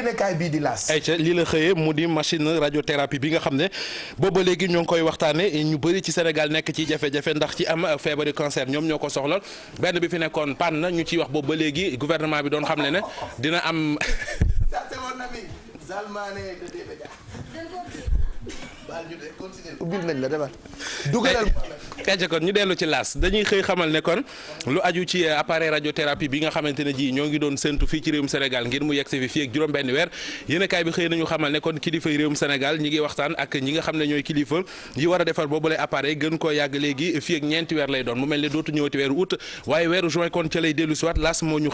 yéenekaay bii di laas. ayca lii la xëyee mu di machine radiothérapie bi nga xam ne booba léegi ñoo ngi koy waxtaane ñu bëri ci Sénégal nekk ci jafe-jafe ndax ci am feebari cancer ñoom ñoo ko soxla benn bi fi nekkoon pan na ñu ciy wax boobu ba léegi gouvernement bi doon xam ne na dina am. ubbil nañ la demal kàcce kon ñu dellu ci laas dañuy xëy xamal ne kon lu aju ci euh, appareil radiothérapie bi nga xamante ji ñoo ngi doon séntu fii ci réewum Sénégal ngir mu yegsi fi fii ak juróom-benn weer yéenekaay bi xëy nañu xamal ne kon kilifay réewum Sénégal ñi ngi waxtaan ak ñi nga xam ne ñooy kilifa yi war a defar boobule appareil gën koo yàgg léegi fii ñeenti weer lay doon mu mel ne dootu ñëwati weeru août waaye weeru juin kon ca lay dellu siwaat laas moo ñu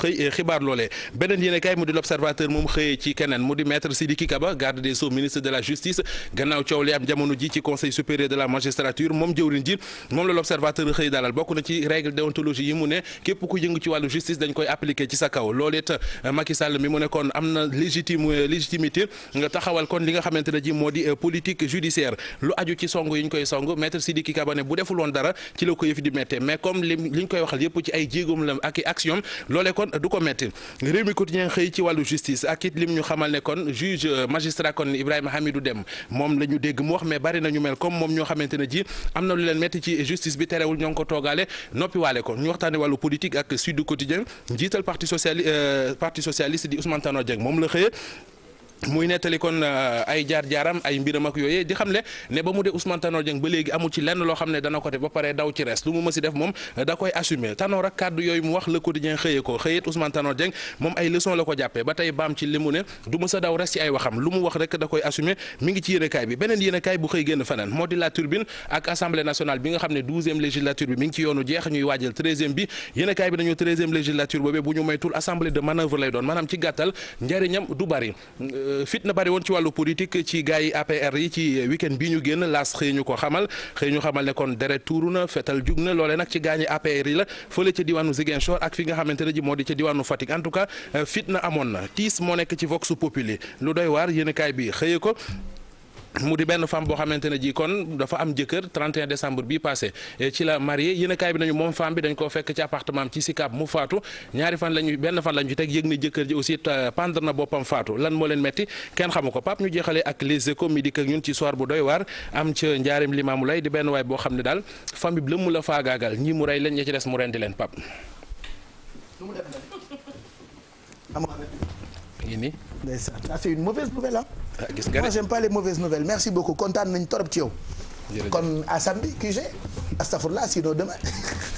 euh, moom la l'observateur xëy dalal bokk na ci règle déontologie yi mu ne képp ku yëngu ci wàllu justice dañ koy appliquer ci sa kaw loolu it euh, Macky mi mu ne kon am na légitime euh, légitimité nga taxawal kon li nga xamante ne ji moo di euh, politique judiciaire lu aju ci song yi ñu koy song maître Sidiki Kaba bu defuloon dara ci la ko yëf di méttee mais comme li ñu koy waxal yëpp ci ay jéegoom la ak i action loolee kon du ko métti réew mi quotidien xëy ci wàllu justice ak it lim ñu xamal ne kon juge magistrat ci justice bi terewul ñoo ngi ko toogaale noppi waale ko ñu waxtaane wàllu politique ak Sud Quotidien njiital parti sociali euh, parti socialiste di Ousmane Tanor moom la xëyee muy nettali kon euh, ay jaar-jaaram ay mbiram ak yooyee di xam le ne ba mu dee Ousmane Tanor Dieng ba léegi amul ci lenn loo xam ne dana ko def ba pare daw ci res lu mu mësi def moom euh, da koy assumer Tanor ak kàddu yooyu mu wax la quotidien xëyee ko xëyeet Ousmane Tanor Dieng moom ay leçon la ko jàppee ba tey baam ci li mu ne du mës a daw res ci ay waxam lu mu wax rek da koy assumer mi ngi ci yéenekaay bi beneen yéenekaay bu xëy génn feneen moo di la turbine ak assemblée nationale bi nga xam ne douzième législature bi mi ngi ci yoonu jeex ñuy waajal treizième bi yéenekaay bi nañu treizième législature Euh, fitna bari woon ci wàllu politique ci gars yi APR yi ci week-end bi ñu génn laas xëy ñu ko xamal xëy ñu xamal ne kon deret tuuru na fetal jug na loole nag ci gars yi APR yi la fële ca diwaanu Ziguinchor ak fi nga xamante ne ji moo di ca diwaanu Fatick en tout euh, fitna amoon na tiis moo nekk ci Vox Populi lu doy waar yéen kaay bi xëyee ko mu di benn femme boo xamante ne ji kon dafa am jëkkër 31 décembre bi passé ci la marié yéenekaay bi nañu moom femme bi dañ ko fekk ci appartement am ci Sicap mu faatu ñaari fan lañu benn fan lañu teg yëg ne jëkkër ji aussi euh, pendre na boppam faatu lan moo leen metti kenn xamu ko Pape ñu jeexalee ak les échos midi ak ñun ci soir bu doy waar am ca njaarim limaamu lay di benn waay boo xam ne daal famille bi lëmm la faagaagal ñii mu rey leen ña ci des mu rendi leen Pape. ndeysaan Ah, gis nga moi j'aime pas les mauvaises nouvelles merci beaucoup kontaan nañ torop ci yow. kon à samedi QG astafurlah sinon demain.